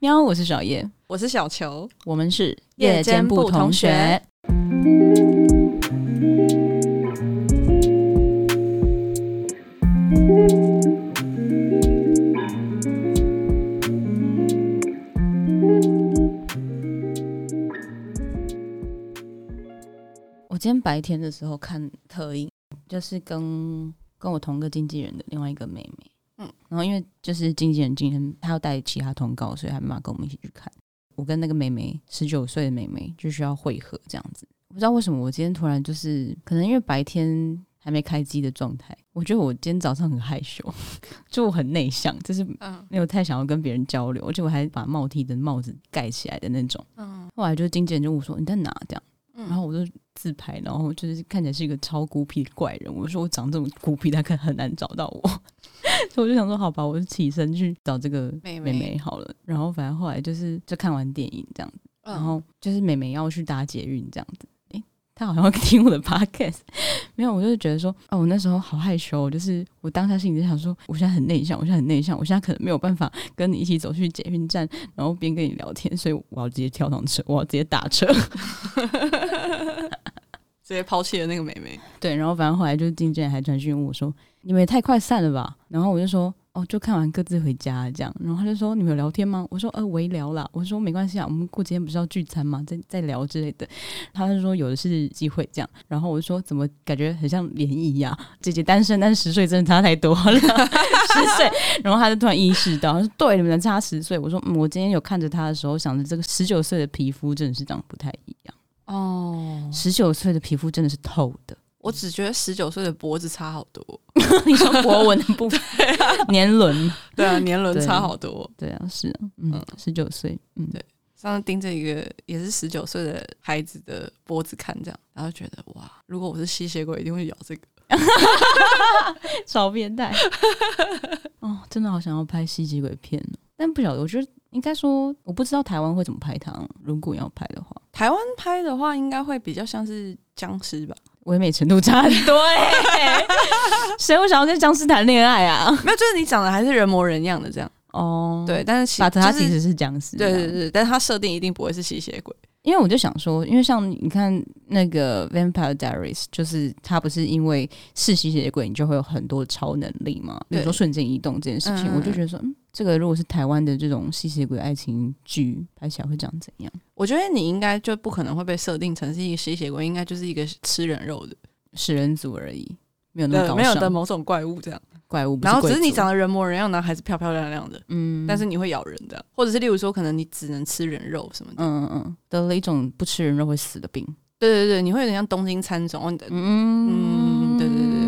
喵，我是小葉，我是小球，我們是夜間部同學。同學，我今天白天的時候看特映，就是跟跟我同個經紀人的另外一個妹妹。然後，因為就是經紀人今天他要帶其他通告，所以他沒辦法跟我們一起去看。我跟那個妹妹，十九歲的妹妹，就需要會合這樣子。不知道為什麼，我今天突然就是，可能因為白天還沒開機的狀態，我覺得我今天早上很害羞， 就我很內向，就是沒有太想要跟別人交流。而且我還把帽 T 的帽子蓋起來的那種。嗯。後來就是經紀人就說：“你在哪兒？”這樣。嗯。然後我就自拍，然後就是看起來是一個超孤僻的怪人。我說我長這麼孤僻，他可能很難找到我。 所以我就想說，好吧，我就起身去找這個妹妹好了。妹妹，然後反正後來就是就看完電影這樣子，哦、然後就是妹妹要去搭捷運這樣子誒。她好像會聽我的 podcast。 沒有，我就是覺得說，哦，我那時候好害羞，哦，就是我當下心裡就想說，我現在很內向，我現在很內向，我現在可能沒有辦法跟你一起走去捷運站，然後邊跟你聊天，所以我要直接跳上車，我要直接打車。 直接拋棄了那個妹妹。對，然後反正後來就是金姐還傳訊問我說，說你們也太快散了吧？然後我就說，哦，就看完各自回家這樣。然後他就說，你們有聊天嗎？我說，呃，我也聊了。我說沒關係啊，我們過幾天不是要聚餐嗎？再再聊之類的。他就說有的是機會這樣。然後我就說，怎麼感覺很像聯誼呀？姐姐單身，但是十歲真的差太多了， 十歲。然後他就突然意識到，說對，你們能差十歲。我說，嗯，我今天有看着他的時候，想着這個十九歲的皮膚真的是長得不太一樣。哦，十九歲的皮膚真的是透的。我只覺得十九歲的脖子差好多， 你說脖紋的部分， 啊、年輪輪，對啊，年輪差好多對，對啊，是啊，嗯，十九歲，嗯，對，上次盯着一個也是十九歲的孩子的脖子看，這樣，然後覺得哇，如果我是吸血鬼，一定會咬這個。 少變態態。哦， oh, 真的好想要拍吸血鬼片哦，但不曉得，我覺得應該說，我不知道台灣會怎麼拍它。如果你要拍的話。台灣拍的話，應該會比較像是殭屍吧，唯美程度差很多對。誰會 想要跟殭屍談戀愛啊？沒有，就是你長得還是人模人樣的這樣哦。Oh, 對，但是其實他，他其實是殭屍，就是，對對對，但是他設定一定不會是吸血鬼，因為我就想說，因為像你看那個《Vampire Diaries》，就是他不是因為是吸血鬼，你就會有很多超能力嘛，對比如說瞬間移動這件事情。嗯嗯，我就覺得說，嗯，這個如果是台灣的這種吸血鬼愛情劇拍起來會長怎樣？我覺得你應該就不可能會被設定成是一個吸血鬼，應該就是一個吃人肉的食人族而已，沒有那麼沒有的某種怪物這樣。怪物，然後只是你長得人模人樣，男孩子漂漂亮亮的，嗯，但是你會咬人的，或者是例如說，可能你只能吃人肉什麼的，嗯嗯嗯，得了一種不吃人肉會死的病，對對對你會有點像東京喰種，哦、嗯對、嗯、對對對對，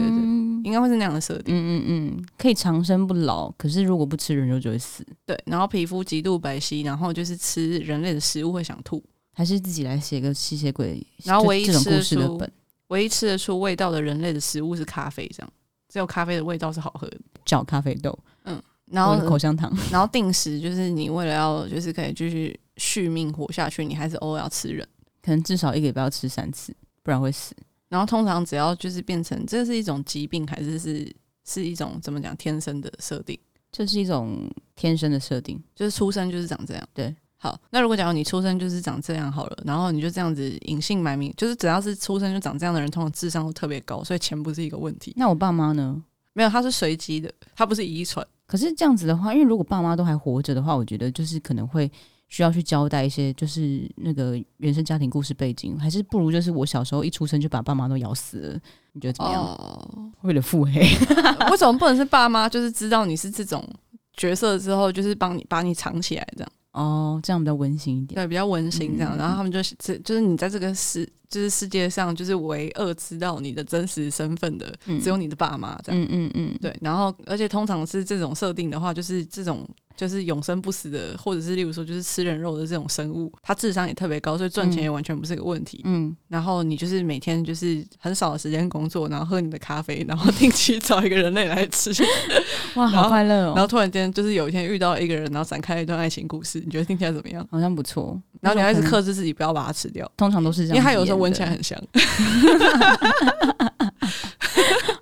應該會是那樣的設定、嗯，嗯嗯嗯，可以長生不老，可是如果不吃人肉就會死，對，然後皮膚極度白皙，然後就是吃人類的食物會想吐，還是自己來寫個吸血鬼，然後唯一這個故事的本唯一吃，唯一吃得出味道的人類的食物是咖啡這樣。只有咖啡的味道是好喝的，叫咖啡豆，嗯，然後口香糖，然後定時就是你為了要就是可以繼續續，續命活下去，你還是偶爾要吃人，可能至少一個禮拜要吃三次，不然會死。然後通常只要就是變成這是一種疾病，還是是是一種怎麼講天生的設定？這是一種天生的設定，就是出生就是長這樣，對。好，那如果假如你出生就是長這樣好了，然後你就這樣子隱姓埋名，就是只要是出生就長這樣的人，通常智商都特別高，所以錢不是一個問題。那我爸媽呢？沒有，他是隨機的，他不是遺傳。可是這樣子的話，因為如果爸媽都還活着的話，我覺得就是可能會需要去交代一些，就是那個原生家庭故事背景，還是不如就是我小時候一出生就把爸媽都咬死了，你覺得怎麼樣？哦、為了腹黑、 啊，為什麼不能是爸媽？就是知道你是這種角色之後，就是幫你把你藏起來這樣。哦，這樣比較溫馨一點。對，比較溫馨這樣。嗯。然後他們就是，這就是你在這個室。就是世界上就是唯二知道你的真實身份的，嗯、只有你的爸媽這樣、嗯。嗯嗯嗯，對。然後，而且通常是這種設定的話，就是這種就是永生不死的，或者是例如說就是吃人肉的這種生物，他智商也特別高，所以賺錢也完全不是個問題。嗯。嗯然後你就是每天就是很少的時間工作，然後喝你的咖啡，然後定期找一個人類來吃。 哇， 後好快樂哦！然後突然間就是有一天遇到一個人，然後展開一段愛情故事。你覺得聽起來怎麼樣？好像不錯。然後你還是克制自己不要把它吃掉。通常都是這樣，因為他有時候。聞起來很香，對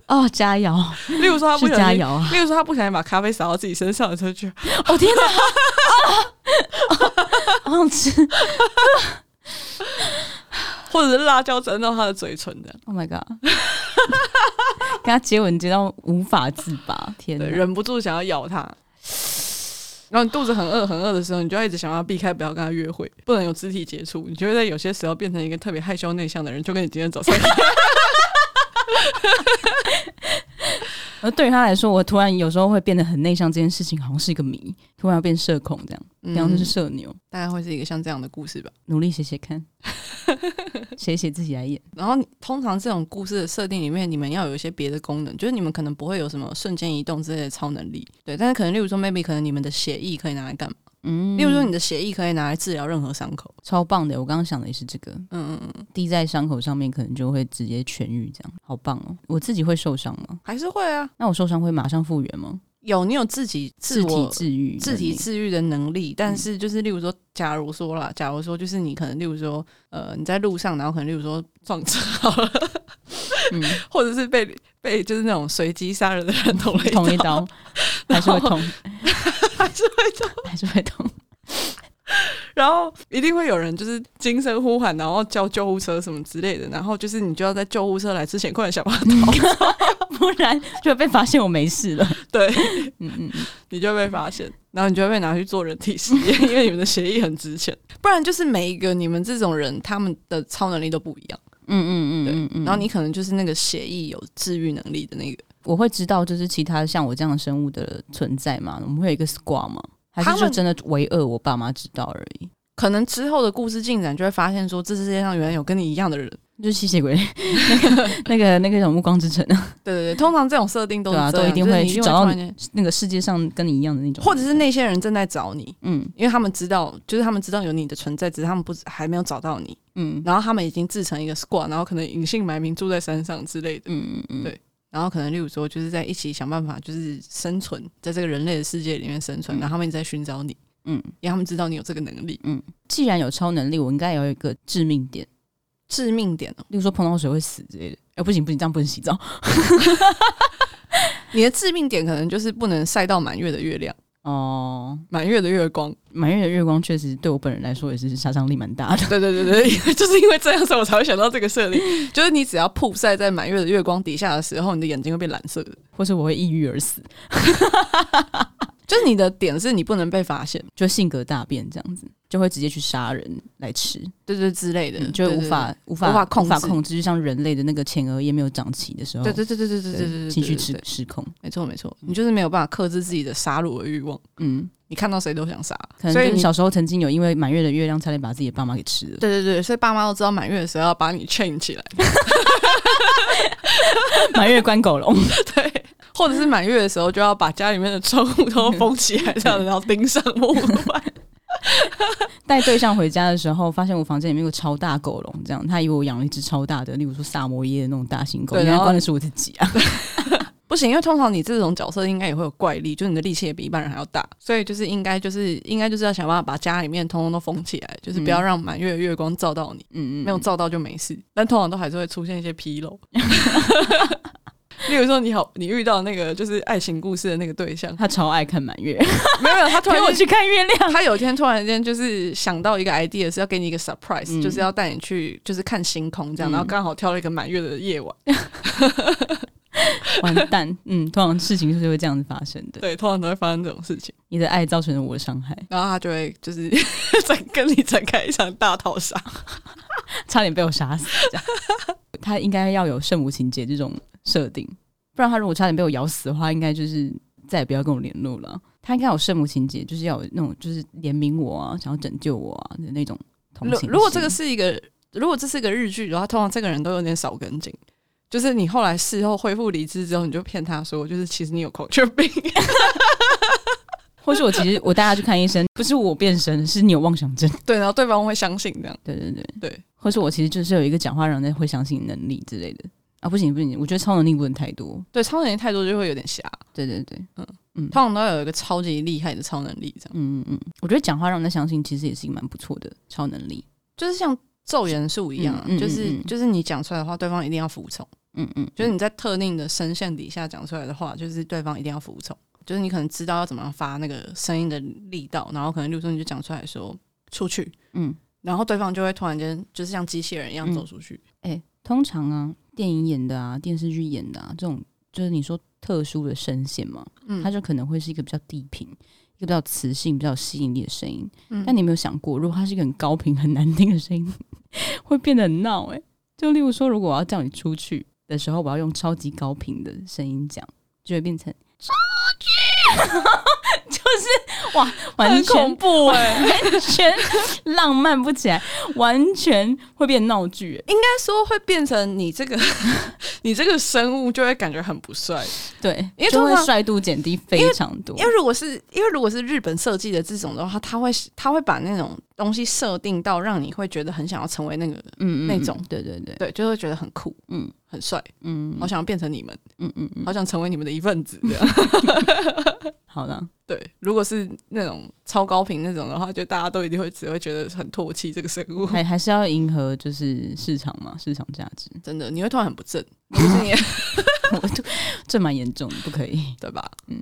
哦，加油。例如說他不，加油啊。 加油，例如說他不想要把咖啡灑到自己身上的時候、哦，就哦天哪，我、啊、想、 哦哦、吃， 或者是辣椒沾到他的嘴唇這樣。Oh my god， 跟他接吻接到無法自拔， 天哪，忍不住想要咬他。然後你肚子很餓很餓的時候，你就要一直想要避開，不要跟他約會，不能有肢體接觸。你就會在有些時候變成一個特別害羞內向的人，就跟你今天走上。 而對於他來說，我突然有時候會變得很內向，這件事情好像是一個謎。突然要變社恐，這樣，這樣就是社牛。嗯，大概會是一個像這樣的故事吧。努力寫寫看， 寫寫自己來演。然後，通常這種故事的設定裡面，你們要有一些別的功能，就是你們可能不會有什麼瞬間移動之類的超能力。對，但是可能，例如說，maybe 可能你們的血液可以拿來幹嘛？嗯，例如說你的血液可以拿來治療任何傷口，嗯，超棒的！我剛剛想的也是這個，嗯嗯嗯，滴在傷口上面可能就會直接痊癒，這樣好棒哦！我自己會受傷嗎？還是會啊？那我受傷會馬上復原嗎？有，你有自己自體治癒、自體治癒的能力，但是就是例如說，假如說啦，嗯、假如說就是你可能，例如說，呃，你在路上，然後可能例如說撞車好了，嗯，或者是被被就是那種隨機殺人的人捅了捅一刀。 還是會痛， 還是會痛，還是會痛。 然後一定會有人就是驚聲呼喊，然後叫救護車什麼之類的。然後就是你就要在救護車來之前，快點想辦法逃， 不然就會被發現我沒事了。 對，嗯嗯，你就會被發現，然後你就會被拿去做人體實驗，因為你們的血液很值錢。 不然就是每一個你們這種人，他們的超能力都不一樣。嗯嗯嗯，對。然後你可能就是那個血液有治癒能力的那個。我會知道，就是其他像我這樣的生物的存在嗎？我們會有一個 squad 嗎？還是說真的唯二，我爸媽知道而已。可能之後的故事進展就會發現說，說這世界上原來有跟你一樣的人，就是吸血鬼，那個那個那種暮光之城啊。對對對，通常這種設定都都一定會去找到那個世界上跟你一樣的那種，或者是那些人正在找你，嗯，因為他們知道，就是他們知道有你的存在，只是他們不還沒有找到你，嗯，然後他們已經製成一個 squad，然後可能隱姓埋名住在山上之類的，嗯嗯嗯，對。然後可能，例如說，就是在一起想辦法，就是生存在這個人類的世界裡面生存。嗯、然後他們一直在尋找你，嗯，因為他們知道你有這個能力，嗯。既然有超能力，我應該有一個致命點，致命點哦，例如說碰到水會死之類的。哎、呃，不行不行，這樣不能洗澡。 你的致命點可能就是不能曬到滿月的月亮。哦，滿月的月光，滿月的月光確實對我本人來說也是殺傷力蠻大的。對對對對，就是因為這樣子，我才會想到這個設定。就是你只要曝曬在滿月的月光底下的時候，你的眼睛會變藍色的，或是我會抑鬱而死。 就是你的點是你不能被發現，就性格大變這樣子。就會直接去殺人來吃，對對之類的，就會無法無法無法控，無法控制，就像人類的那個前額葉沒有長齊的時候，對對對對對對情緒失失控，沒錯沒錯，你就是沒有辦法克制自己的殺戮的欲望。嗯，你看到誰都想殺，所以你小時候曾經有因為滿月的月亮差點把自己的爸媽給吃了。對對對，所以爸媽都知道滿月的時候要把你 chain 起來，滿月關狗籠，對，或者是滿月的時候就要把家裡面的窗戶都封起來，這樣子要釘上木板。帶 對象回家的時候，發現我房間裡面有個超大狗籠，這樣他以為我養了一隻超大的，例如說薩摩耶的那種大型狗。對，關的是我自己啊， 不行，因為通常你這種角色應該也會有怪力，就是你的力氣也比一般人還要大，所以就是應該就是應該就是要想辦法把家裡面通通都封起來，就是不要讓滿月的月光照到你，嗯，沒有照到就沒事，但通常都還是會出現一些紕漏。 例如說，你好，你遇到那個就是愛情故事的那個對象，他超愛看滿月， 沒有，他突然間陪我去看月亮。他有一天突然間就是想到一個 idea，是要給你一個 surprise，、嗯、就是要帶你去就是看星空這樣，嗯、然後剛好挑了一個滿月的夜晚。 完蛋，嗯，通常事情就是會這樣子發生的。對，通常都會發生這種事情。你的愛造成了我的傷害，然後他就會就是在 跟你展開一場大逃殺， 差點被我殺死。這樣 他應該要有聖母情節這種設定，不然他如果差點被我咬死的話，應該就是再也不要跟我聯絡了。他應該有聖母情節，就是要有那種就是憐憫我啊，想要拯救我啊的那種同情。如果這個是一個，如果這是一個日劇的話，通常這個人都有點少根筋。就是你後來事後恢復理智之後，你就騙他說，就是其實你有口懼病，哈哈哈，或是我其實我帶他去看醫生，不是我變身，是你有妄想症。對，然後對方會相信這樣。對對對對，對或是我其實就是有一個講話讓人家會相信能力之類的啊，不行不行，我覺得超能力不能太多。對，超能力太多就會有點瞎。對對對，嗯嗯，他們都有一個超級厲害的超能力這樣。嗯嗯嗯，我覺得講話讓人家相信，其實也是蠻不錯的超能力，就是像咒元素一樣，嗯、就是就是你講出來的話，對方一定要服從。嗯嗯，嗯，就是你在特定的聲線底下講出來的話，就是對方一定要服從。就是你可能知道要怎麼樣發那個聲音的力道，然後可能例如說你就講出來說出去，嗯，然後對方就會突然間就是像機器人一樣走出去。哎、嗯嗯欸，通常啊，電影演的啊，電視劇演的啊，這種就是你說特殊的聲線嘛，嗯，它就可能會是一個比較低頻、一個比較磁性、比較有吸引力的聲音。嗯、但你有沒有想過，如果它是一個很高頻、很難聽的聲音，會變得很鬧？哎，就例如說，如果我要叫你出去。的時候，我要用超級高頻的聲音講，就會變成超劇， 就是哇，完全很恐怖哎、欸，完全 浪漫不起來，完全會變鬧劇、欸。應該說會變成你這個，你這個生物就會感覺很不帥，對，因為它會帥度減低非常多因。因為如果是因為如果是日本設計的這種的話，他會他會把那種。東西設定到讓你會覺得很想要成為那個，嗯，那種，對對對，對，就會覺得很酷，嗯，很帥，嗯，好想要變成你們，嗯嗯，好想成為你們的一份子，這樣，好的，對，如果是那種超高頻那種的話，就大家都一定會只會覺得很唾棄這個生物，還還是要迎合就是市場嘛，市場價值，真的你會突然很不正，就是你，這蠻嚴重的，不可以，對吧？嗯。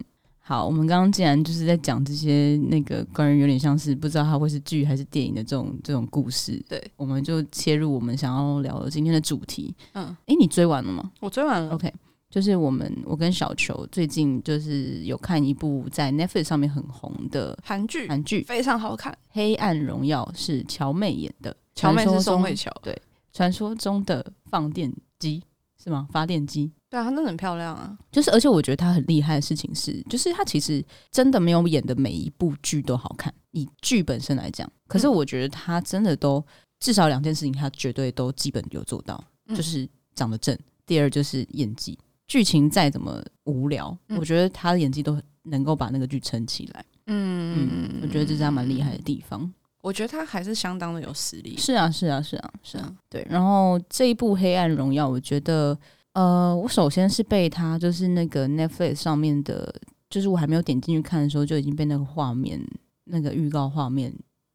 好，我們剛剛既然就是在講這些那個關於有點像是不知道它會是劇還是電影的這種這種故事，對，我們就切入我們想要聊的今天的主題。嗯，哎、欸，你追完了嗎？我追完了。OK，就是我們我跟小球最近就是有看一部在 Netflix 上面很紅的韓劇，韓劇非常好看，《黑暗榮耀》是喬妹演的，喬妹是宋慧喬，對，傳說中的放電機。是嗎？發電機？對啊，那很漂亮啊。就是，而且我覺得他很厲害的事情是，就是他其實真的沒有演的每一部劇都好看，以劇本身來講。可是我覺得他真的都、嗯、至少兩件事情，他絕對都基本有做到。嗯、就是長得正，第二就是演技。劇情再怎麼無聊，嗯、我覺得他的演技都能夠把那個劇撐起來。嗯嗯，我覺得這是他蠻厲害的地方。我覺得他還是相當的有實力。是啊，是啊，是啊，是啊。嗯、對，然後這一部《黑暗榮耀》，我覺得，呃，我首先是被他就是那個 Netflix 上面的，就是我還沒有點進去看的時候，就已經被那個畫面、那個預告畫面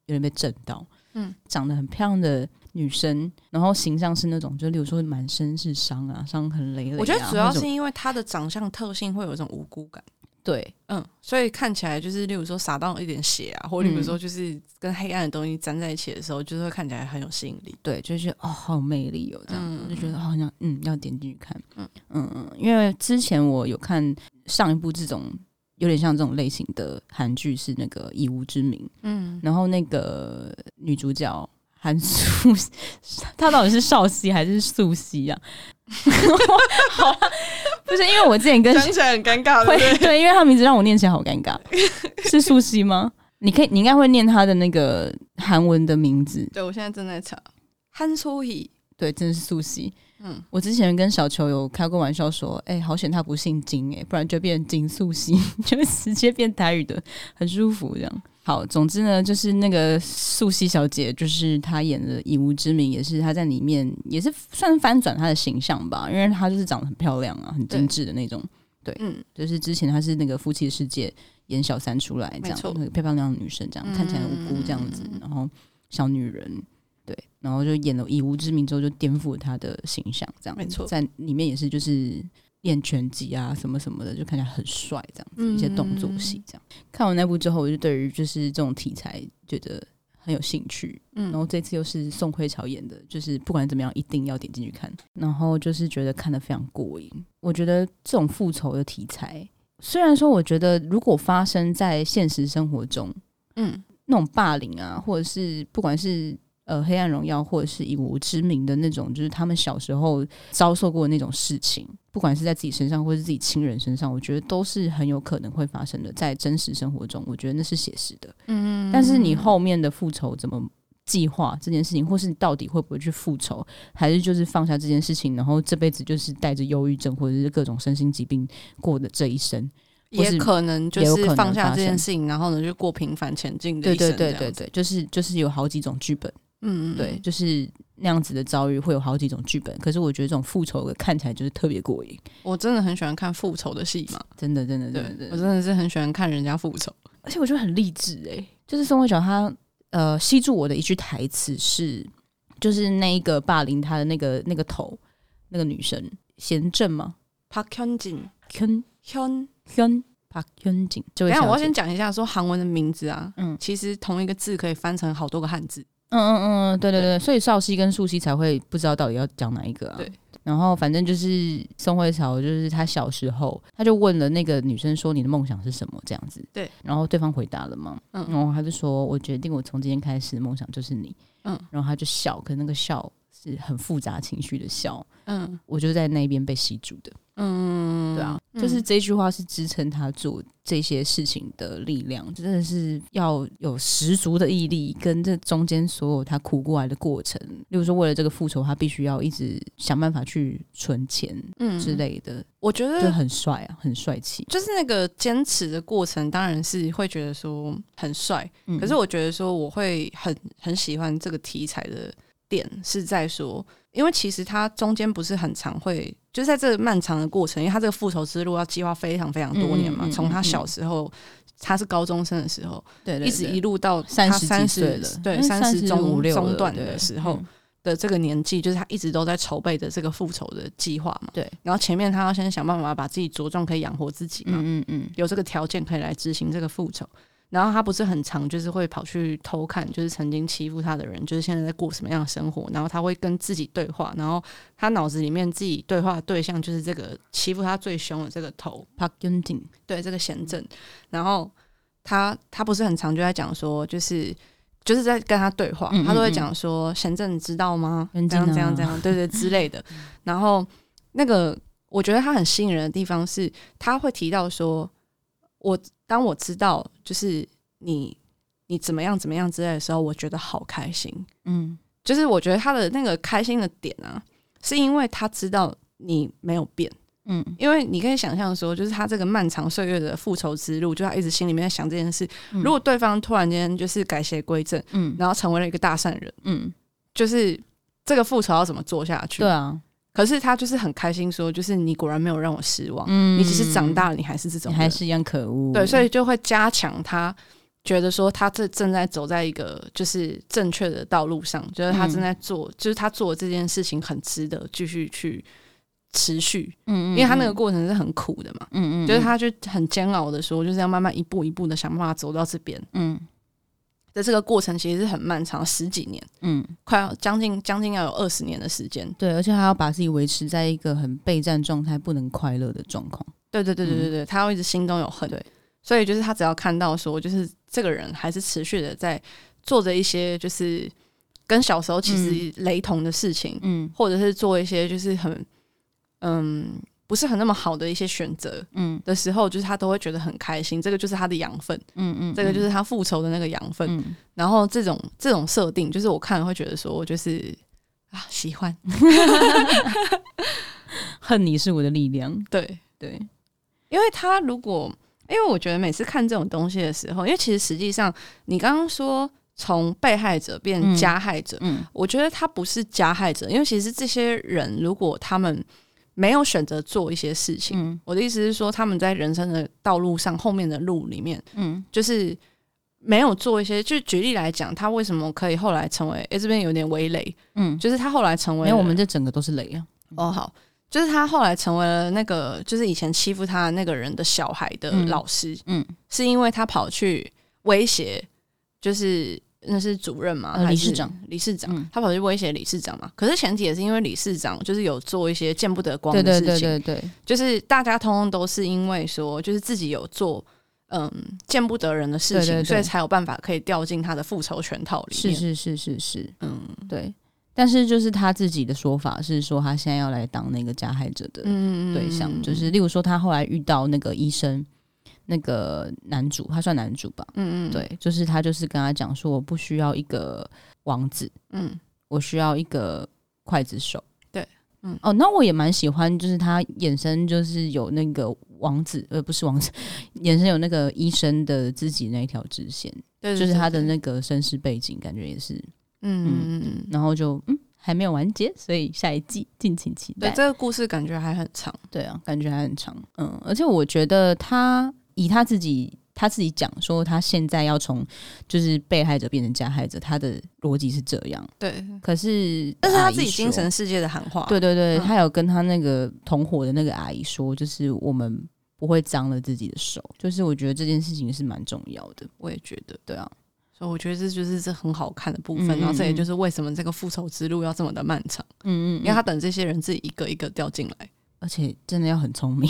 有點被震到。嗯，長得很漂亮的女生，然後形象是那種，就比如說滿身是傷啊，傷痕累累啊。我覺得主要是因為她的長相特性會有一種無辜感。對，嗯，所以看起來就是，例如說，撒到一點血啊，或者例如說，就是跟黑暗的東西粘在一起的時候，嗯、就是會看起來很有吸引力。對，就是哦，好有魅力哦，這樣、嗯、就覺得好像、哦、嗯，要點進去看，嗯嗯嗯。因為之前我有看上一部這種有點像這種類型的韓劇，是那個《以吾之名》，嗯，然後那個女主角韓素，她到底是少熙還是素熙呀、啊？ 好啦。 不是因為我之前跟想起來很尷尬，對對，對對，因為他名字讓我念起來好尷尬， 是素熙嗎？你可以，你應該會念他的那個韓文的名字。對，我現在正在查 Han Sohee，對，真的是素熙。嗯，我之前跟小球有開過玩笑說，哎、欸，好險她不姓金、欸，誒，不然就變成金素希，就直接變台語的，很舒服這樣。好，總之呢，就是那個素希小姐，就是她演的《以吾之名》，也是她在裡面，也是算翻轉她的形象吧。因為她就是長得很漂亮啊，很精緻的那種。對，對嗯，就是之前她是那個《夫妻的世界》演小三出來，這樣那個漂亮女生這樣，看起來無辜這樣子，然後小女人。然後就演了《以吾之名》之後，就顛覆了他的形象，這樣。沒錯，在裡面也是就是練拳擊啊，什麼什麼的，就看起來很帥，這樣子一些動作戲，這樣。看完那部之後，我就對於就是這種題材覺得很有興趣。嗯，然後這次又是宋慧喬演的，就是不管怎麼樣，一定要點進去看。然後就是覺得看得非常過癮。我覺得這種復仇的題材，雖然說我覺得如果發生在現實生活中，嗯，那種霸凌啊，或者是不管是。呃，黑暗榮耀，或者是以無知名的那種，就是他們小時候遭受過那種事情，不管是在自己身上，或是自己親人身上，我覺得都是很有可能會發生的，在真實生活中，我覺得那是寫實的。嗯，但是你後面的復仇怎麼計劃這件事情，或是你到底會不會去復仇，還是就是放下這件事情，然後這輩子就是帶着憂鬱症或者是各種身心疾病過的這一生，也可能就是，是能放下這件事情，然後呢就過平凡前進的一生這樣子。對，對對對，就是就是有好幾種劇本。嗯，嗯，對，就是那樣子的遭遇會有好幾種劇本，可是我覺得這種復仇的看起來就是特別過癮。我真的很喜歡看復仇的戲嘛，真的，真的，對，我真的是很喜歡看人家復仇，而且我覺得很勵志誒、欸。就是宋慧喬，她呃吸住我的一句台詞是，就是那一個霸凌她的那個那個頭那個女生賢正嗎？Park Hyun Jin，Hyun Hyun Hyun Park Hyun Jin。等下，我要先講一下說韓文的名字啊。嗯，其實同一個字可以翻成好多個漢字。嗯嗯嗯，對對對，對，所以少熙跟素熙才會不知道到底要講哪一個啊。對，然後反正就是宋慧喬，就是他小時候，他就問了那個女生說：“你的夢想是什麼？”這樣子。對，然後對方回答了嘛。嗯，然後他就說：“我決定，我從今天開始的夢想就是你。”嗯，然後他就笑，可是那個笑。是很複雜情緒的笑，嗯，我就在那邊被吸住的，嗯，對啊，就是這句話是支撐他做這些事情的力量，真的是要有十足的毅力，跟這中間所有他苦過來的過程，例如說，為了這個復仇，他必須要一直想辦法去存錢，嗯之類的，嗯、我覺得很帥啊，很帥氣，就是那個堅持的過程，當然是會覺得說很帥，嗯、可是我覺得說我會很很喜歡這個題材的點是在說，因為其實他中間不是很常會就是在這個漫長的過程，因為他這個復仇之路要計劃非常非常多年嘛，從、嗯嗯嗯、他小時候，嗯、他是高中生的時候，對，對，對，一直一路到他十他三十幾歲，對、嗯，三十中五六中段的時候的這個年紀，就是他一直都在籌備的這個復仇的計劃嘛。對、嗯，嗯、然後前面他要先想辦法把自己茁壯可以養活自己嘛，嗯嗯，嗯嗯有這個條件可以來執行這個復仇。然後他不是很常，就是會跑去偷看，就是曾經欺負他的人，就是現在在過什麼樣的生活。然後他會跟自己對話，然後他腦子裡面自己對話的對象就是這個欺負他最凶的這個頭朴妍珍對這個妍珍。嗯、然後他他不是很常就在講說，就是就是在跟他對話，嗯嗯嗯他都會講說妍珍你知道嗎？嗯、這樣這樣這樣，對對之類的。 然後那個我覺得他很吸引人的地方是，他會提到說，我。當我知道就是你，你怎麼樣怎麼樣之類的時候，我覺得好開心。嗯，就是我覺得他的那個開心的點啊，是因為他知道你沒有變。嗯，因為你可以想象說，就是他這個漫長歲月的復仇之路，就他一直心裡面在想這件事。嗯，如果對方突然間就是改邪歸正，嗯，然後成為了一個大善人，嗯，就是這個復仇要怎麼做下去？對啊。可是他就是很開心，說就是你果然沒有讓我失望，嗯、你只是長大了，你還是這種人，你還是一樣可惡。對，所以就會加強他覺得說他這正在走在一個就是正確的道路上，就是他正在做，嗯、就是他做的這件事情很值得繼續去持續。嗯，嗯，因為他那個過程是很苦的嘛，嗯，嗯，嗯，就是他就很煎熬的說，就是要慢慢一步一步的想辦法走到這邊。嗯。在這個過程其實是很漫長，十幾年，嗯，快要將近將近要有二十年的時間，對，而且他要把自己維持在一個很備戰狀態，不能快樂的狀況，對,對,對,對,對，對、嗯，對，對，對，對，他要一直心中有恨，對，所以就是他只要看到說，就是這個人還是持續的在做着一些就是跟小時候其實雷同的事情，嗯，嗯或者是做一些就是很，嗯。不是很那麼好的一些選擇，嗯，的時候，嗯、就是他都會覺得很開心。這個就是他的養分，嗯嗯，嗯嗯，這個就是他復仇的那個養分。嗯、然後這種這種設定，就是我看了會覺得說，我就是啊，喜歡， 恨你是我的力量。對對，因為他如果，因為我覺得每次看這種東西的時候，因為其實實際上，你剛剛說從被害者變加害者，嗯，嗯，我覺得他不是加害者，因為其實這些人如果他們。沒有選擇做一些事情。嗯、我的意思是說，他們在人生的道路上，後面的路裡面，嗯、就是沒有做一些。就舉例來講，他為什麼可以後來成為？哎，這邊有點微雷。嗯，就是他後來成為。我們這整個都是雷啊！哦，好，就是他後來成為了那個，就是以前欺負他那個人的小孩的老師，嗯，嗯是因為他跑去威脅，就是。那是主任嘛，呃，理事長，理事長，還是嗯、他跑去威脅理事長嘛？可是前提也是因為理事長就是有做一些見不得光的事情，對對對對，對，對就是大家通通都是因為說就是自己有做嗯，見不得人的事情，對對對，所以才有辦法可以掉進他的復仇圈套裡面。是是是是是，嗯對。但是就是他自己的說法是說，他現在要來當那個加害者的對象，嗯、就是例如說他後來遇到那個醫生。那個男主，他算男主吧？嗯嗯，對，就是他，就是跟他講說，我不需要一個王子，嗯，我需要一個劊子手。對，嗯，哦，那我也蠻喜歡，就是他衍生，就是有那個王子，呃，不是王子衍生有那個醫生的自己那一條支線，對對對，就是他的那個身世背景，感覺也是，嗯嗯嗯，嗯，然後就嗯還沒有完結，所以下一季敬請期待，對。這個故事感覺還很長，對啊，感覺還很長，嗯，而且我覺得他。以他自己，他自己講說，他現在要從就是被害者變成加害者，他的邏輯是這樣。對，可是，但是他自己精神世界的喊話，對對對，嗯、他有跟他那個同夥的那個阿姨說，就是我們不會髒了自己的手。就是我覺得這件事情是蠻重要的，我也覺得，對啊，所以我覺得這就是這很好看的部分。然後這也就是為什麼這個復仇之路要這麼的漫長。嗯嗯，嗯嗯，因為他等這些人自己一個一個掉進來，而且真的要很聰明。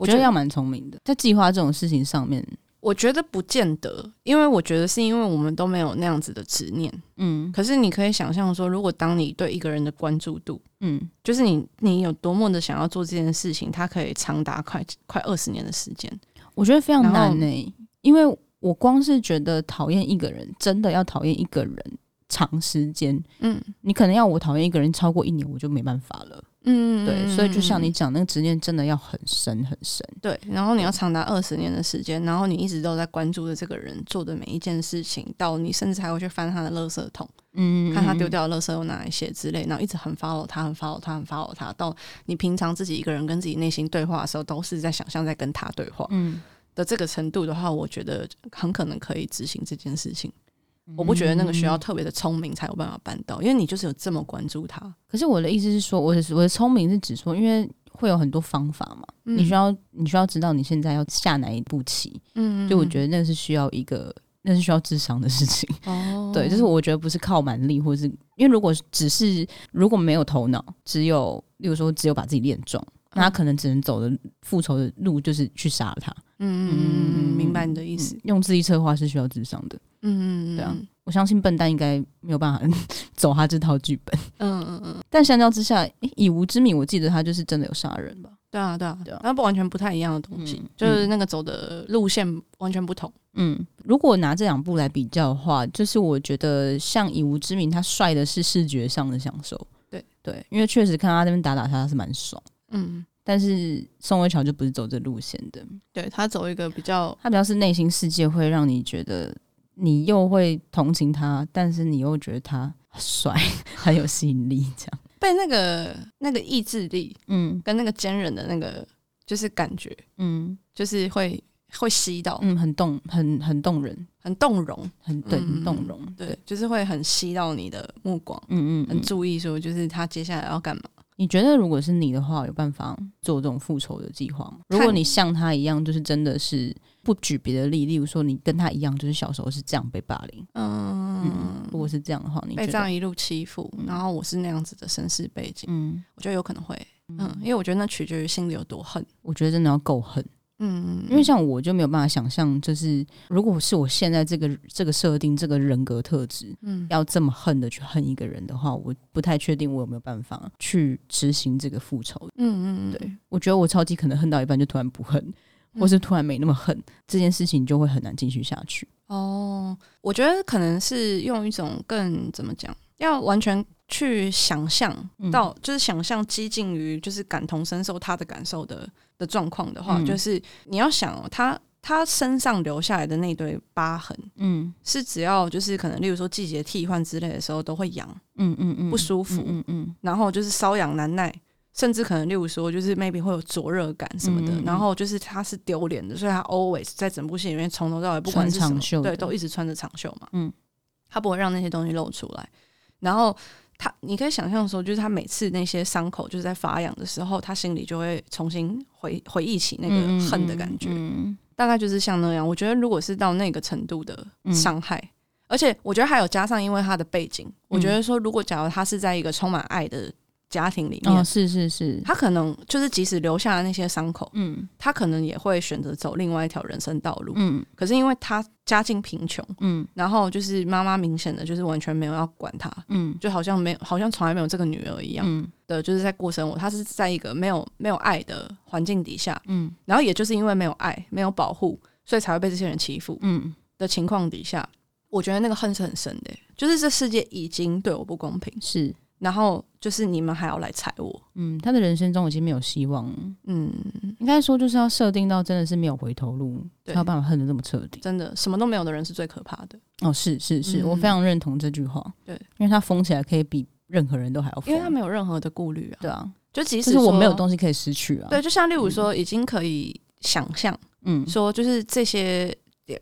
我覺得要蠻聰明的，在計劃這種事情上面，我覺得不見得，因為我覺得是因為我們都沒有那樣子的執念，嗯。可是你可以想象說，如果當你對一個人的關注度，嗯，就是你你有多麼的想要做這件事情，它可以長達快快二十年的時間，我覺得非常難誒，然後，因為我光是覺得討厭一個人，真的要討厭一個人。長時間，嗯，你可能要我討厭一個人超過一年，我就沒辦法了，嗯，對，嗯，所以就像你講，那個執念真的要很深很深，對，然後你要長達二十年的時間，然後你一直都在關注着這個人做的每一件事情，到你甚至還會去翻他的垃圾桶，嗯，看他丟掉的垃圾有哪一些之類，然後一直很 follow 他，很 follow 他，很 follow 他，fo 他，到你平常自己一個人跟自己內心對話的時候，都是在想象在跟他對話，嗯，的這個程度的話，我覺得很可能可以執行這件事情。我不覺得那個學校特別的聰明才有辦法辦到，嗯、因為你就是有這麼關注他。可是我的意思是說，我的我的聰明是指說，因為會有很多方法嘛，嗯、你需要你需要知道你現在要下哪一步棋。嗯，嗯，嗯，就我覺得那是需要一個，那是需要智商的事情。哦、對，就是我覺得不是靠蠻力，或是因為如果只是如果沒有頭腦，只有，比如說只有把自己練壯。那他可能只能走的復仇的路，就是去殺他。嗯嗯嗯，嗯明白你的意思。嗯、用自己策劃是需要智商的。嗯嗯嗯，對啊，嗯、我相信笨蛋應該沒有辦法 走他這套劇本。嗯嗯嗯，嗯嗯，但相較之下，欸《以無之名》，我記得他就是真的有殺人吧？對啊，對，啊對啊，對啊，對啊，那不完全不太一樣的東西，嗯、就是那個走的路線完全不同。嗯，嗯，如果拿這兩部來比較的話，就是我覺得像《以無之名》，他帥的是視覺上的享受。對對，對因為確實看他那邊打打殺殺是蠻爽。嗯，但是宋慧喬就不是走這路線的，對，他走一個比較，他比較是內心世界，會讓你覺得你又會同情他，但是你又覺得他帥，很有吸引力，這樣被那個那個意志力，嗯，跟那個堅韌的那個，就是感覺，嗯，就是會會吸到，嗯，很動，很很動人很動很，很動容，很，對，很動容，對，就是會很吸到你的目光，嗯，嗯嗯，很注意說，就是他接下來要幹嘛。你覺得如果是你的話，有辦法做這種復仇的計劃嗎？如果你像他一樣，就是真的是不舉別的例，例如說你跟他一樣，就是小時候是這樣被霸凌，嗯、嗯，如果是這樣的話，你覺得被這樣一路欺負，然後我是那樣子的身世背景，嗯，我覺得有可能會，嗯，因為我覺得那取決於心裡有多恨，我覺得真的要夠狠。嗯，因為像我就沒有辦法想象，就是如果是我現在這個這個設定，這個人格特質，嗯，要這麼恨的去恨一個人的話，我不太確定我有沒有辦法去執行這個復仇。嗯嗯嗯，對，我覺得我超級可能恨到一半就突然不恨，或是突然沒那麼恨，嗯，這件事情就會很難繼續下去。哦，我覺得可能是用一種更怎麼講，要完全。去想象到，嗯、就是想象接近於就是感同身受他的感受的的狀況的話，嗯、就是你要想、哦、他他身上留下來的那堆疤痕，嗯，是只要就是可能例如說季節替換之類的時候都會癢，嗯嗯嗯，不舒服，嗯，嗯嗯，然後就是瘙癢難耐，甚至可能例如說就是 maybe 會有灼熱感什麼的，嗯嗯嗯，然後就是他是丟臉的，所以他 always 在整部戲裡面從頭到尾不管長袖，對，都一直穿着長袖嘛，嗯，他不會讓那些東西露出來，然後。他，你可以想象說，就是他每次那些傷口就是在發癢的時候，他心裡就會重新回回憶起那個恨的感覺，嗯嗯、大概就是像那樣。我覺得，如果是到那個程度的傷害，嗯、而且我覺得還有加上，因為他的背景，我覺得說，如果假如他是在一個充滿愛的。家庭裡面，哦、是是是，他可能就是即使留下了那些傷口，嗯，他可能也會選擇走另外一條人生道路，嗯。可是因為他家境貧窮，嗯，然後就是媽媽明顯的就是完全沒有要管他，嗯，就好像沒有，好像從來沒有這個女兒一樣的，嗯、就是在過生活。他是在一個沒有沒有愛的環境底下，嗯。然後也就是因為沒有愛、沒有保護，所以才會被這些人欺負，嗯的情況底下，我覺得那個恨是很深的、欸，就是這世界已經對我不公平，是。然後就是你們還要來踩我，嗯，他的人生中已經沒有希望了，嗯，應該說就是要設定到真的是沒有回頭路，沒有辦法恨得這麼徹底，真的什麼都沒有的人是最可怕的，哦，是是是，是嗯、我非常認同這句話，對，因為他瘋起來可以比任何人都還要瘋，因為他沒有任何的顧慮啊，對啊，就即使就是我沒有東西可以失去啊，對，就像例如說、嗯、已經可以想象，嗯，說就是這些。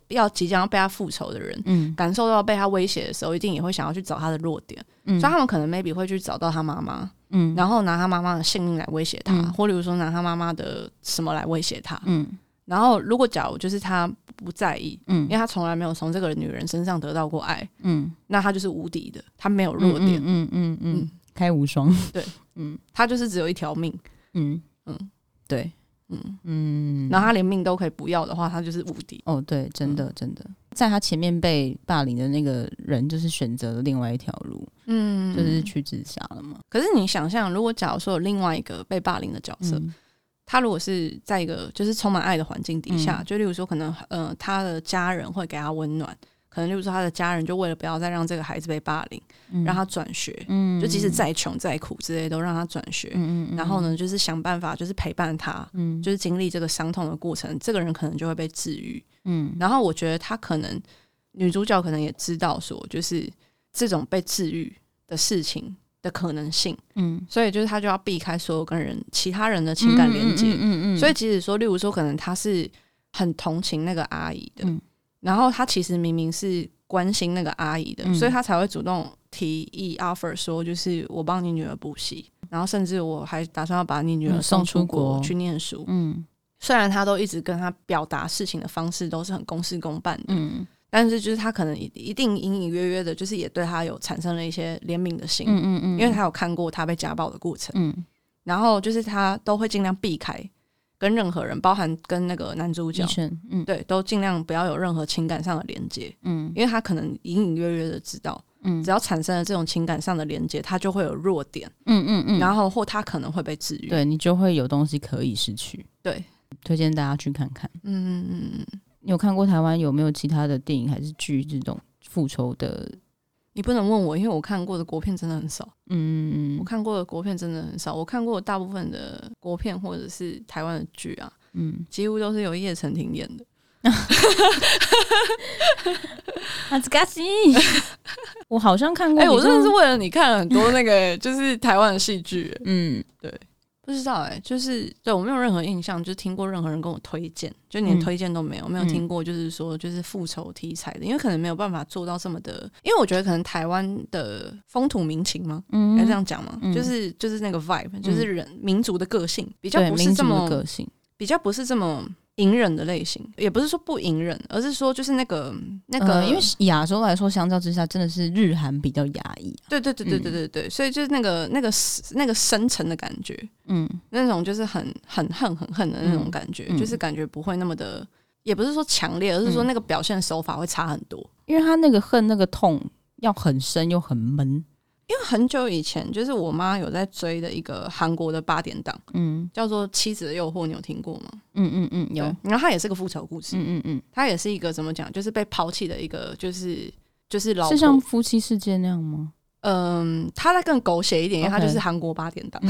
要即將要被他復仇的人，嗯，感受到被他威脅的時候，一定也會想要去找他的弱點，嗯，所以他們可能 maybe 會去找到他媽媽，嗯，然後拿他媽媽的性命來威脅他，或例如說拿他媽媽的什麼來威脅他，嗯，然後如果假如就是他不在意，嗯，因為他從來沒有從這個女人身上得到過愛，嗯，那他就是無敵的，他沒有弱點，嗯嗯嗯，開無雙，對，嗯，他就是只有一條命，嗯嗯，對。嗯嗯，嗯然後他連命都可以不要的話，他就是無敵哦。對，真的、嗯、真的，在他前面被霸凌的那個人，就是選擇了另外一條路，嗯，就是去自殺了嘛。可是你想象，如果假如說有另外一個被霸凌的角色，嗯、他如果是在一個就是充滿愛的環境底下，嗯、就例如說可能呃他的家人會給他溫暖。可能，例如說，他的家人就為了不要再讓這個孩子被霸凌，嗯、讓他轉學，嗯、就即使再窮再苦之類，都讓他轉學。嗯嗯、然後呢，就是想辦法，就是陪伴他，嗯、就是經歷這個傷痛的過程。這個人可能就會被治癒。嗯，然後我覺得他可能，女主角可能也知道說，就是這種被治癒的事情的可能性。嗯，所以就是他就要避開所有跟人其他人的情感連接、嗯。嗯，嗯，嗯，嗯，嗯所以，即使說，例如說，可能他是很同情那個阿姨的。嗯然後他其實明明是關心那個阿姨的，嗯、所以他才會主動提議、e、offer 說，就是我幫你女兒補習，然後甚至我還打算要把你女兒送出國去念書。嗯、雖然他都一直跟他表達事情的方式都是很公事公辦的，嗯、但是就是他可能一定隱隱約約的，就是也對他有產生了一些憐憫的心，嗯嗯嗯、因為他有看過他被家暴的過程，嗯、然後就是他都會盡量避開。跟任何人，包含跟那個男主角，嗯，對，都盡量不要有任何情感上的連接，嗯，因為他可能隱隱約約的知道，嗯，只要產生了這種情感上的連接，他就會有弱點，嗯嗯嗯，然後或他可能會被治癒，對，你就會有東西可以失去，對，推薦大家去看看，嗯嗯嗯，有看過台灣有沒有其他的電影還是劇這種復仇的？你不能問我，因為我看過的國片真的很少。嗯，我看過的國片真的很少。我看過大部分的國片或者是台灣的劇啊，嗯，幾乎都是由葉承庭演的。阿斯卡西，我好像看過。哎、欸，我真的是為了你看很多那個，就是台灣的戲劇。 嗯，對。不知道哎、欸，就是對我沒有任何印象，就聽過任何人跟我推薦，就連推薦都沒有，沒有聽過就是說就是復仇題材的，嗯、因為可能沒有辦法做到這麼的，因為我覺得可能台灣的風土民情嘛，嗯，應該這樣講嘛，嗯、就是就是那個 vibe，就是人、嗯、民族的個性比較不是這麼個性，比較不是這麼。隱忍的類型，也不是說不隱忍，而是說就是那個那個，呃、因為亞洲來說相較之下，真的是日韓比較壓抑、啊。對對對對對對對，嗯、所以就是那個那個那個深沉的感覺，嗯，那種就是很很恨很恨的那種感覺，嗯、就是感覺不會那麼的，也不是說強烈，而是說那個表現手法會差很多、嗯，因為他那個恨那個痛要很深又很悶。因為很久以前，就是我媽有在追的一個韓國的八點檔，嗯，叫做《妻子的誘惑》，你有聽過嗎？嗯嗯嗯，有。然後她也是個復仇故事，嗯嗯嗯，她也是一個怎麼講，就是被拋棄的一個，就是就是老婆是像夫妻世界那樣嗎？嗯，她再更狗血一點，因為她就是韓國八點檔，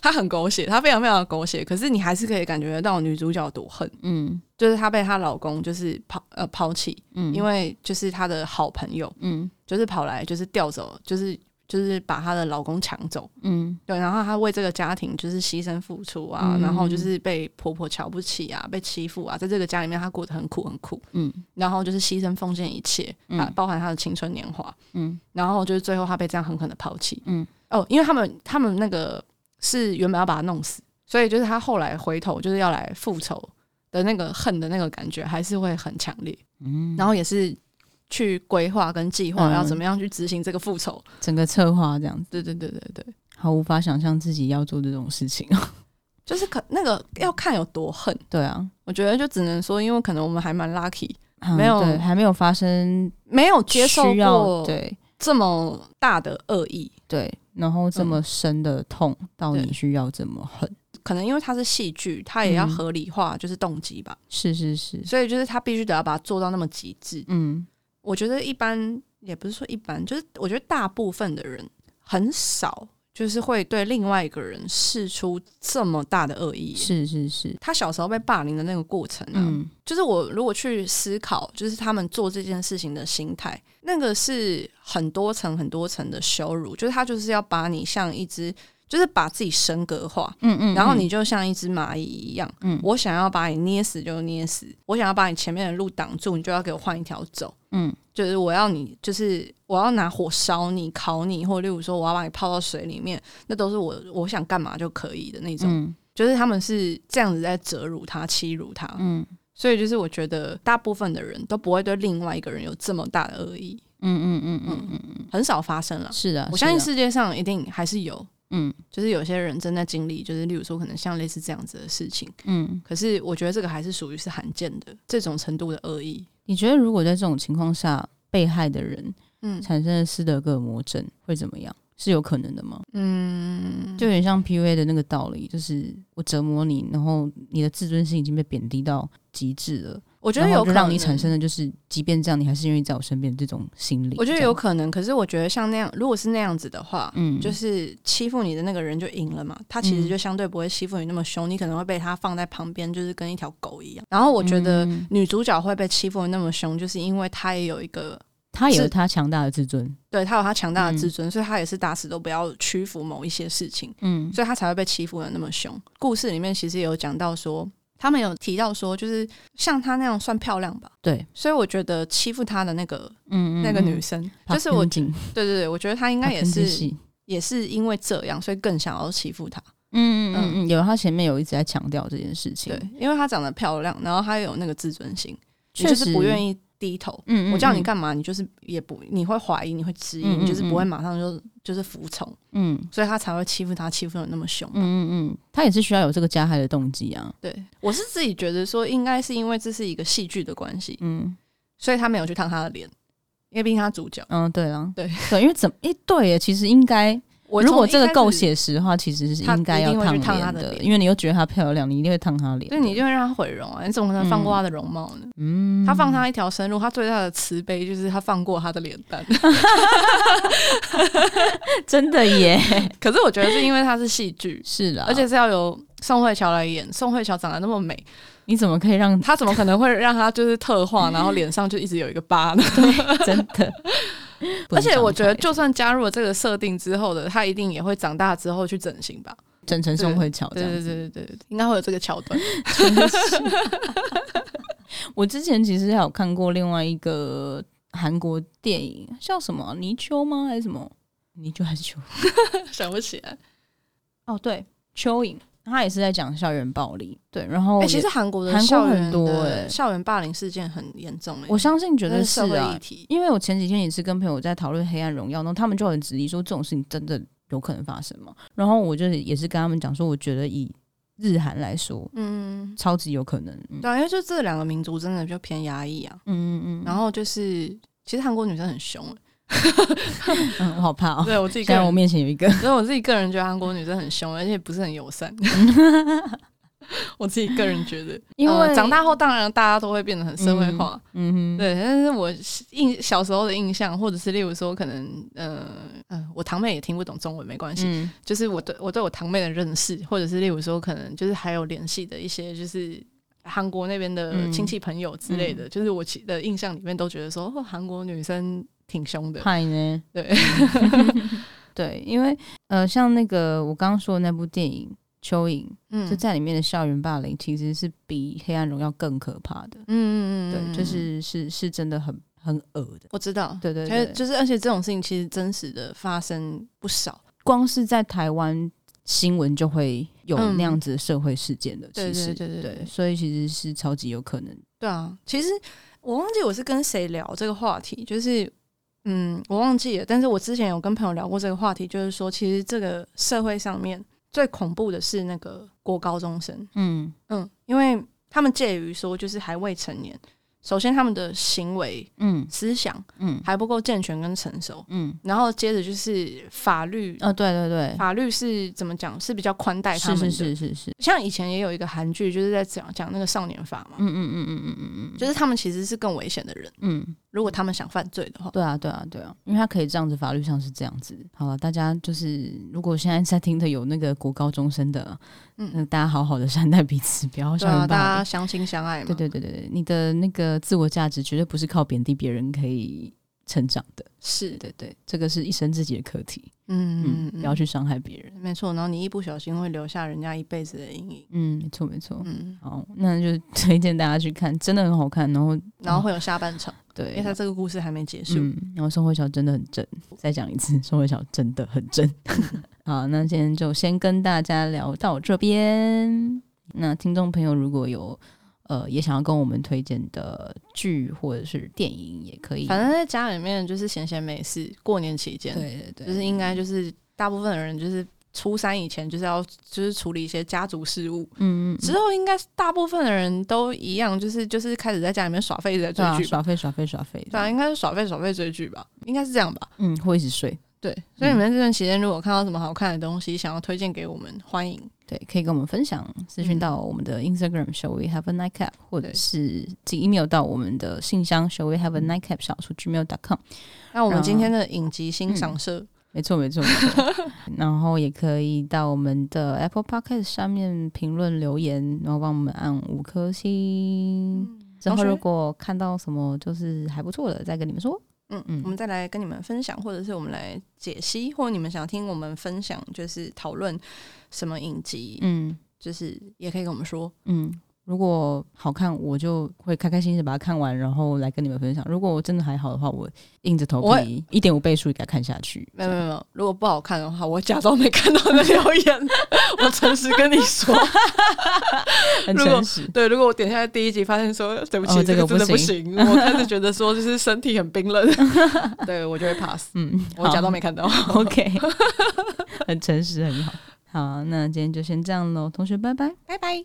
她很狗血，她非常非常狗血。可是你還是可以感覺到女主角多恨，嗯，就是她被她老公就是拋呃拋棄，嗯，因為就是她的好朋友，嗯。就是跑來，就是調走，就是就是把她的老公搶走，嗯，對，然後她為這個家庭就是犧牲付出啊，嗯，然後就是被婆婆瞧不起啊，被欺負啊，在這個家裡面她過得很苦很苦，嗯，然後就是犧牲奉獻一切，嗯，包含她的青春年華，嗯，然後就是最後她被這樣狠狠的拋棄，嗯，哦，因為他們他們那個是原本要把她弄死，所以就是她後來回頭就是要來復仇的那個恨的那個感覺還是會很強烈，嗯，然後也是。去規劃跟計劃要怎麼樣去執行這個復仇，整個策劃這樣子。對對對對對，好無法想象自己要做這種事情。就是可那個要看有多恨。對啊，我覺得就只能說，因為可能我們還蠻 lucky，沒有還沒有發生，沒有接受過對這麼大的惡意，對，然後這麼深的痛，到底需要這麼狠。可能因為它是戲劇，它也要合理化，就是動機吧。是是是，所以就是他必須得要把它做到那麼極致。嗯。我覺得一般也不是說一般，就是我覺得大部分的人很少就是會對另外一個人釋出這麼大的惡意。是是是，他小時候被霸凌的那個過程，啊，嗯，就是我如果去思考，就是他們做這件事情的心態，那個是很多層很多層的羞辱，就是他就是要把你像一隻。就是把自己神格化，嗯，嗯嗯，然後你就像一只螞蟻一樣，嗯，我想要把你捏死就捏死，嗯、我想要把你前面的路擋住，你就要給我換一條走，嗯，就是我要你，就是我要拿火燒你、烤你，或例如說我要把你泡到水裡面，那都是我我想幹嘛就可以的那種，嗯、就是他們是這樣子在折辱他、欺辱他，嗯，所以就是我覺得大部分的人都不會對另外一個人有這麼大的惡意，嗯嗯嗯嗯嗯，嗯很少發生了，是的，啊，我相信世界上一定還是有。嗯，就是有些人正在經歷，就是例如說，可能像類似這樣子的事情，嗯，可是我覺得這個還是屬於是罕見的這種程度的惡意。你覺得，如果在這種情況下被害的人，嗯，產生了斯德哥爾摩症會怎麼樣？是有可能的嗎？嗯，就有點像 PUA 的那個道理，就是我折磨你，然後你的自尊心已經被貶低到極致了。我覺得有可能讓你產生的就是，即便這樣，你還是願意在我身邊這種心理。我覺得有可能，這樣。可是我覺得像那樣，如果是那樣子的話，嗯，就是欺負你的那個人就贏了嘛。他其實就相對不會欺負你那麼兇，嗯、你可能會被他放在旁邊，就是跟一條狗一樣。然後我覺得女主角會被欺負的那麼兇，就是因為她也有一個，她也有她強大的自尊，對，她有她強大的自尊，嗯、所以她也是打死都不要屈服某一些事情，嗯，所以她才會被欺負的那麼兇。故事裡面其實也有講到說。他們有提到說，就是像她那樣算漂亮吧？對，所以我覺得欺負她的那個，嗯，嗯，嗯，那個女生，嗯嗯就是我，嗯嗯對對對，我覺得她應該也是，嗯嗯嗯也是因為這樣，所以更想要欺負她。嗯嗯嗯，有她前面有一直在強調這件事情，對，因為她長得漂亮，然後她有那個自尊心，確實就是不願意。低頭，嗯，嗯，嗯，我叫你幹嘛，你就是也不，你會懷疑，你會質疑，嗯嗯嗯嗯你就是不會馬上就就是服從，嗯，所以他才會欺負他，欺負的那麼兇，嗯嗯，嗯他也是需要有這個加害的動機啊。對，我是自己覺得說，應該是因為這是一個戲劇的關係，嗯，所以他沒有去燙他的臉，因為畢竟他主角，嗯、哦，對啊，對對，因為怎麼一、欸、對耶，其實應該。我如果這個夠寫實的話，其實是應該要燙臉的，他一他的因為你又覺得她漂亮，你一定會燙她臉，對，你就會讓她毀容啊！你怎麼可能放過她的容貌呢？嗯，他放她一條生路，他最大的慈悲就是他放過她的臉蛋， 真的耶！可是我覺得是因為她是戲劇，是的啦，而且是要由宋慧喬來演，宋慧喬長得那麼美，你怎麼可以讓她？他怎麼可能會讓她就是特化，嗯，然後臉上就一直有一個疤呢？真的。 而且我覺得，就算加入了這個設定之後的他，一定也會長大之後去整形吧，整成宋慧喬這樣。對對對對對，應該會有這個橋段。 我之前其實還有看過另外一個韓國電影，叫什麼？泥鰍嗎？還是什麼？泥鰍還是球？想不起來。哦，對，蚯蚓。他也是在講校園暴力，對，然後、欸、其實韓國的校園很多，欸，校園霸凌事件很嚴重，欸。我相信覺得是啊，那是社會議題。因為我前幾天也是跟朋友在討論《黑暗榮耀》，然後他們就很質疑說，這種事情真的有可能發生嗎？然後我就也是跟他們講說，我覺得以日韓來說，嗯，超級有可能，對、嗯，因為就這兩個民族真的就偏壓抑啊，嗯嗯嗯，然後就是其實韓國女生很兇，欸。我、 嗯、好怕哦！對我自己，在我面前有一個。所以我自己個人覺得韓國女生很兇，而且不是很友善。 我自己個人覺得，因為、呃、長大後當然大家都會變得很社會化。嗯、嗯、對。但是我印小時候的印象，或者是例如說可能，嗯、呃、嗯、呃，我堂妹也聽不懂中文沒關係。嗯、就是我對，我對我堂妹的認識，或者是例如說可能就是還有聯繫的一些，就是韓國那邊的親戚朋友之類的。嗯、就是我的印象裡面都覺得說，哦、韓國女生。挺凶的呢？對，對，因為呃，像那個我剛剛說的那部電影《蚯蚓》，嗯，就在裡面的校園霸凌，其實是比《黑暗榮耀》更可怕的。嗯嗯嗯，對，就是是是，真的很很惡的。我知道，對對，對，就是，而且這種事情其實真實的發生不少，光是在台灣新聞就會有那樣子的社會事件的。對對對對對，所以其實是超級有可能。對啊，其實我忘記我是跟誰聊這個話題，就是。嗯，我忘記了，但是我之前有跟朋友聊過這個話題，就是說，其實這個社會上面最恐怖的是那個國高中生，嗯嗯，因為他們介於說就是還未成年。首先，他們的行為、嗯，思想、嗯，還不夠健全跟成熟，嗯。然後接着就是法律，啊、哦、對對對，法律是怎麼講？是比較寬待他們，是，是是是是是。像以前也有一個韓劇，就是在講講那個少年法嘛，嗯嗯嗯嗯嗯嗯嗯，就是他們其實是更危險的人，嗯。如果他們想犯罪的話，對啊對啊對啊，因為他可以這樣子，法律上是這樣子。好了、啊，大家就是如果現在在聽的有那個國高中生的。嗯，那大家好好的善待彼此，不要傷害。對啊，大家相親相愛嘛。對對對對，你的那個自我價值絕對不是靠貶低別人可以成長的。是的，對，這個是一生自己的課題。嗯嗯，不要去傷害別人。沒錯，然後你一不小心會留下人家一輩子的陰影。嗯，沒錯，沒錯。嗯好，那就推薦大家去看，真的很好看。然後，然後會有下半場。對，因為他這個故事還沒結束。嗯。然後，宋慧喬真的很正。再講一次，宋慧喬真的很正。好，那今天就先跟大家聊到這邊。那聽眾朋友如果有呃也想要跟我們推薦的劇或者是電影，也可以。反正在家裡面就是閒閒沒事，過年期間，對對對，就是應該就是大部分的人就是初三以前就是要就是處理一些家族事務，嗯，之後應該大部分的人都一樣，就是就是開始在家裡面耍廢在追劇，啊，耍廢耍廢耍廢，反正、啊、應該是耍廢耍廢追劇吧，應該是這樣吧，嗯，會一直睡。對，所以你們這段時間如果看到什麼好看的東西，想要推薦給我們，歡迎、嗯、對，可以跟我們分享，私訊到我們的 Instagram、嗯、Shall We Have a Nightcap，對或者是寄 email 到我們的信箱 Shall We Have a Nightcap、嗯、小說 Gmail.com、Com。那我們今天的影集欣賞社，沒錯沒錯，沒錯。沒 然後也可以到我們的 Apple Podcast 下面評論留言，然後幫我們按五顆星。然、嗯、後如果看到什麼就是還不錯的，再跟你們說。嗯嗯，嗯，我們再來跟你們分享，或者是我們來解析，或者你們想要聽我們分享，就是討論什麼影集，嗯，就是也可以跟我們說，嗯。如果好看，我就會開開心心把它看完，然後來跟你們分享。如果我真的還好的話，我硬着頭皮一點五倍速給它看下去。沒有沒有，如果不好看的話，我假裝沒看到的留言。我誠實跟你說，很誠實。對，如果我點下來第一集，發現說對不起，這個真的不行。我開始覺得說，就是身體很冰冷。對，我就會 pass。嗯，我假裝沒看到。OK，很誠實，很好。好，那今天就先這樣嘍，同學，拜拜，拜拜。